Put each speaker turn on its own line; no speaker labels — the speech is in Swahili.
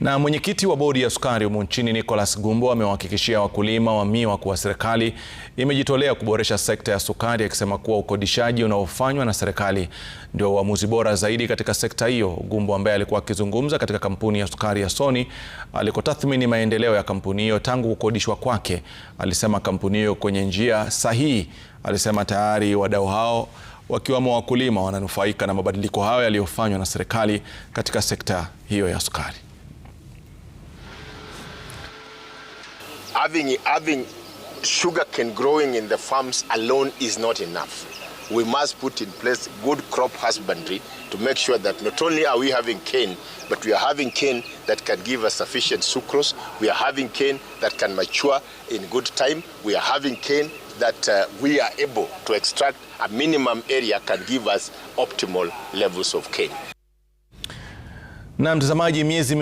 Na mwenyekiti wa bodi ya sukari humu nchini Nicholas Gumbo amewahakikishia wakulima wa miwa kuwa serikali imejitolea kuboresha sekta ya sukari, akisema kuwa ukodishaji unaofanywa na serikali ndio uamuzi bora zaidi katika sekta hiyo. Gumbo ambaye alikuwa akizungumza katika kampuni ya sukari ya Sony alikotathmini maendeleo ya kampuni hiyo tangu kukodishwa kwake, alisema kampuni hiyo kwenye njia sahihi. Alisema tayari wadau hao wakiwamo wakulima wananufaika na mabadiliko hayo yaliyofanywa na serikali katika sekta hiyo ya sukari.
having, having cane growing in the farms alone is not enough. We must put in place good crop husbandry to make sure that not only are we having cane, but we are having cane that can give us sufficient sucrose. We are having cane that can mature in good time. We are having cane that uh, we are able to extract a minimum area can give us optimal levels of cane. Na mtazamaji miezi